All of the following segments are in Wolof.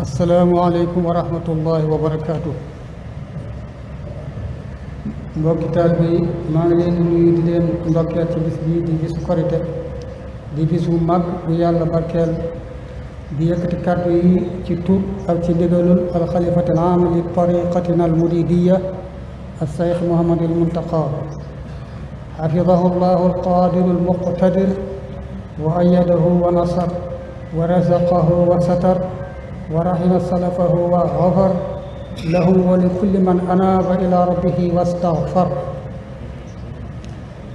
asalaamualeykum wa rahmatullahi wa barakaatu. mbokki taal bi maa ngi leen di nuyu di leen ndokkeel ci bis bii di bisu korite di bisu mag bu yàlla barkeel di yëkkati kàddu yi ci tur ak ci ndigalul alxalifatil aam li tariqatina al muridiya al sayx muhammad al muntaqa xafidahu llahu al qaadiru al muqtadir wa ayadahu wa nasar wa razaqahu wa satar wa rahima salafahu wa xafar lahu wa kulli man anaaba ila rabbihi wastaxfar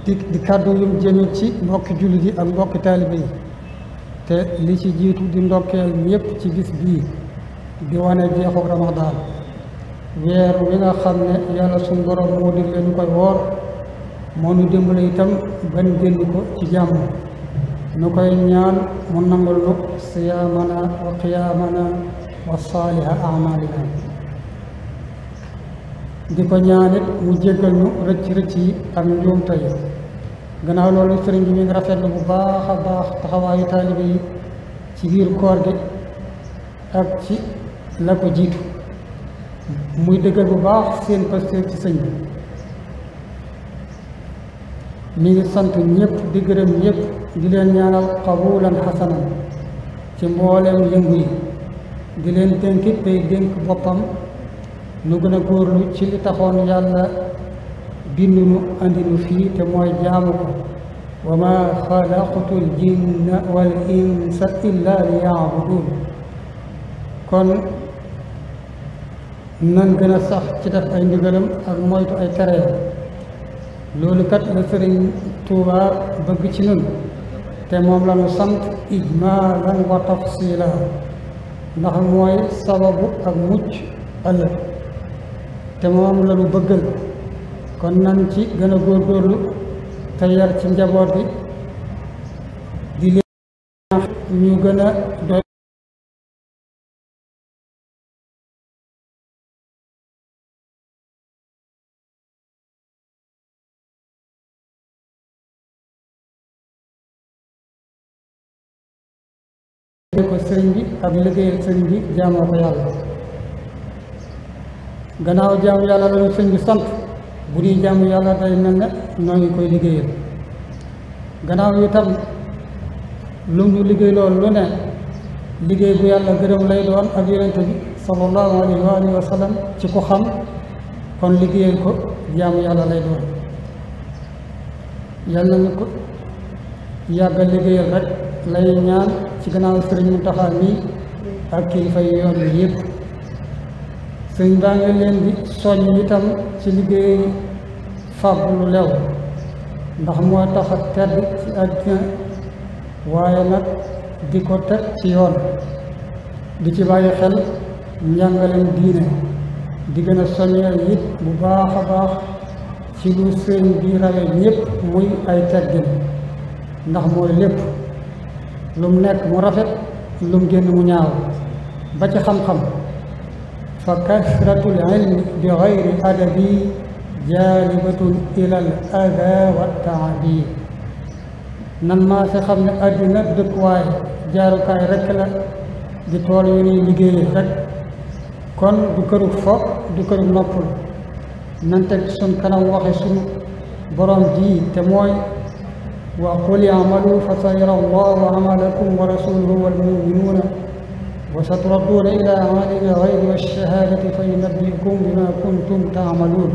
di di kàddu yum jëme ci mbokki jullit yi ak mbokki taalibe yi te li ci jiitu di ndokkeel ñépp ci bis bii di wane jeexu ramadaan weer wi nga xam ne yàlla suñu moo digle ñu koy woor moo ñu dimbale itam ban génn ko ci jàmm nu koy ñaan mu nangul nu siyaamana wa qiyaamana wa saaliha amalina di ko ñaanit mu jéggal ñu rëcc rëcc yi ak njuumte yi gannaaw loolu sëriñ bi mi ngi rafetlu bu baax baax taxawaayu taalibe yi ci biir koor gi ak ci la ko jiitu muy dëggal bu baax seen pasteur ci sëñ bi mi ngi sant ñëpp di gërëm ñëpp di leen ñaanal qabulan xasanan ci mbooleem yëngu yi di leen dénkit tey dénk boppam nu gën a góorlu ci li taxoon yàlla bind nu andi nu fii te mooy jaamu ko wa ma xalaqtu l jinna wal insa illa liyabudun kon nan gën a sax ci def ay ndigalam ak moytu ay tereem loolu kat la sëriñ Touba bëgg ci nun te moom la nu sant ijmaalan wa tafsiila ndax mooy sababu ak mucc ëllëg te moom la bëggal kon nan ci gën a góorgóorlu te yar ci njaboot bi di leen ñu gën doy de ko sëriñ bi ak liggéeyal sëriñ bi jaamoo ko yàlla gannaaw jaamu yàlla lañu sëriñ bi sant bu di jaamu yàlla day mel ne noo ngi koy liggéeyal gannaaw itam lu mu liggéey loolu lu ne liggéey bu yàlla gërëm lay doon ak yonente bi sallallahu alayhi wa alihi ko xam kon liggéeyal ko jaamu yàlla lay doon yàlla nañu ko yàgga liggéeyal rek lay ñaan ci gannaaw sëriñ Muntaxa mi ak kilifa yi yoon bi yëpp sëriñ baa ngi leen di soññ itam ci liggéey fàggu lu lew ndax moo tax a tedd ci àddina waaye nag di ko teg ci yoon di ci bàyyi xel njàngaleen diine di gën a soññeel it bu baax a baax ci lu sëriñ bi rawe ñëpp muy ay teggin ndax mooy lépp lu mu nekk mu rafet lu mu génn mu ñaaw ba ci xam-xam fa kasratul ilmi bi gayri adabi nan maa si xam ne àddina dëkkuwaay jaarukaay rekk la di tool yu ñuy liggéey rek kon du kërug fo du kërug noppul nan teg kanam waxe suñu borom ji te mooy وقل اعملوا فسيرى الله عملكم ورسوله والمؤمنون وستردون إلى عالم الغيب والشهادة فينبئكم بما كنتم تعملون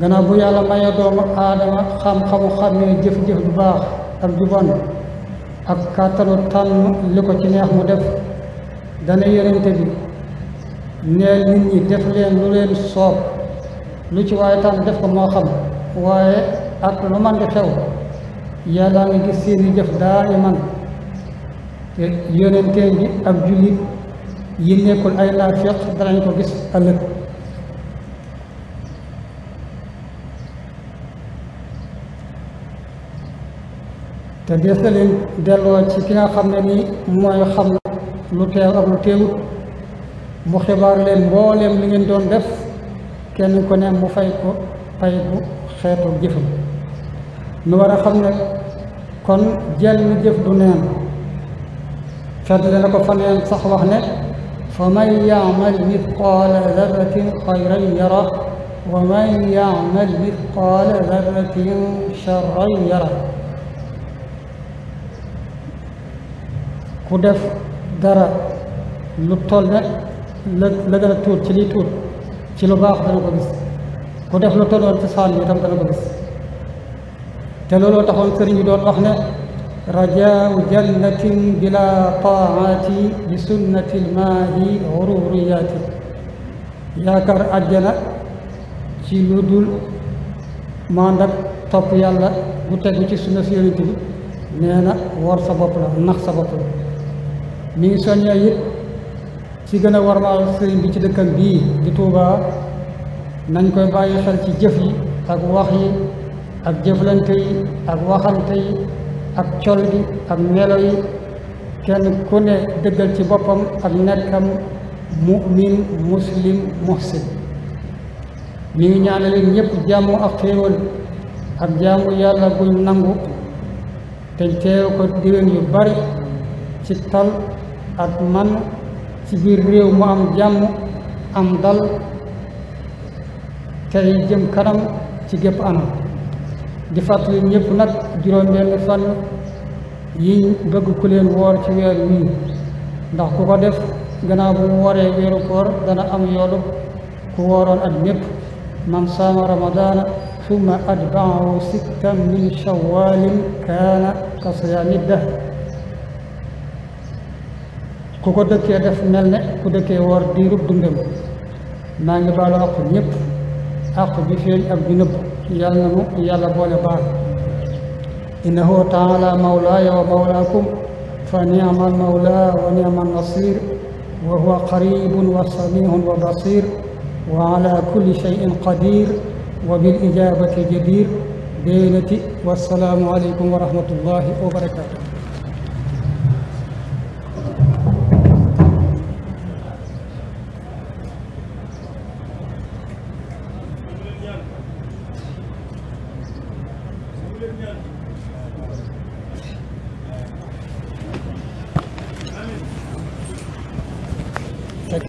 gannaaw bu yàlla mayee doomu aadama xam-xamu xàmmee jëf-jëf bu baax ak ak kàttanu tànn li ci neex mu def dana yërante bi neel nit def leen lu leen soob lu ci waaye tànn def ko moo xam waaye ak lu man di xew yaa daa nga gis seeni i jëf daa iman te yonente bi ak jullit yi nekkul ay naafeq danañ ko gis ëllëg te des na leen delloo ci ki nga xam ne ni mooy xam lu teew ak lu teewut mu xibaar leen mbooleem li ngeen doon def kenn ko ne mu fay ko fay bu xeetu jëfam nu war a xam ne kon jenn jëf du neen fedd dana ko faneen sax wax ne fa man yaamal mithqaala darratin xayran yara wa man yaamal mithqaala darratin charran yara ku def dara lu toll ne la la gën a tuut ci liy tuut ci lu baax dana ko ku def lu tolloon ci saan bi itam dana ko te looloo taxoon sëriñ bi doon wax ne rajau jannatin bila taati bi sunnati lmaahi xururiyaati yaakaar àjjana ci lu dul mànd topp yàlla bu tegu ci sunna nee na war sa bopp la nax sa bopp la mi ngi soññee it ci gën a warmaal sëriñ bi ci dëkkam bii di Tuubaa nañ koy bàyyi xel ci jëf yi ak wax ak jëflante yi ak waxante ak col gi ak melo yi kenn ku ne dëggal ci boppam ak nekkam mu'min muslim muhsin mi ngi ñaanal ñëpp jàmm ak xéewal ak jaamu yàlla guñ nangu te teew ko diwén yu bari ci tal ak man ci biir réew mu am jàmm am dal tey jëm kanam ci gépp am di fàttali ñépp nag juróom-benn fan yi bëgg ku leen woor ci weer wii ndax ku ko def gannaaw bu mu waree weeru koor dana am yoolu ku wooroon at ñëpp man saama ramadaana summa atbaahu sittan min shawalin kaana ka siyaami ku ko dëkkee def mel ne ku dëkkee woor diirub dundam maa ngi baalu àq ñëpp àq bi feeñ ak bi nëbb yal na mu yàlla boole baal innahu taala mawlaaya wa mawlaakum fa niamal mawla wa niamal nasir wa huwa qaribun wa samihun wa basir wa ala kulli cheyin qadir wa bil ijabati jadir déynati wassalaamu aleykum wa rahmatullahi wa barakatuh